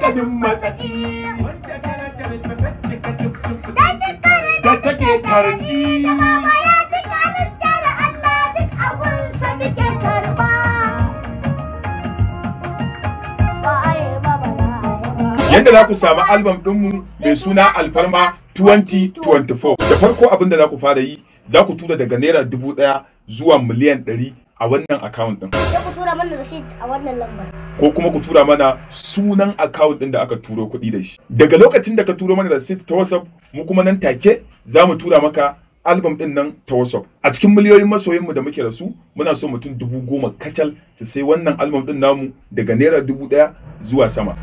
lakanin matsatsi da take da mama ya duk halittar Allah duk abun sa muke karba yadda za ku samu albam ɗinmu mai suna alfarma 2024 da farko abin da za ku fara yi za ku tura daga naira dubu ɗaya zuwa miliyan ɗari a wannan account din. Sai ku tura mana receipt a wannan lambar. Ko kuma ku tura mana sunan account din da aka turo kuɗi da shi. Daga lokacin da ka turo mana receipt ta WhatsApp, mu kuma nan take za mu tura maka album din nan ta WhatsApp. A cikin miliyoyin mu da muke da su, muna so mutum dubu goma kacal su sai wannan album din namu daga naira dubu ɗaya zuwa sama.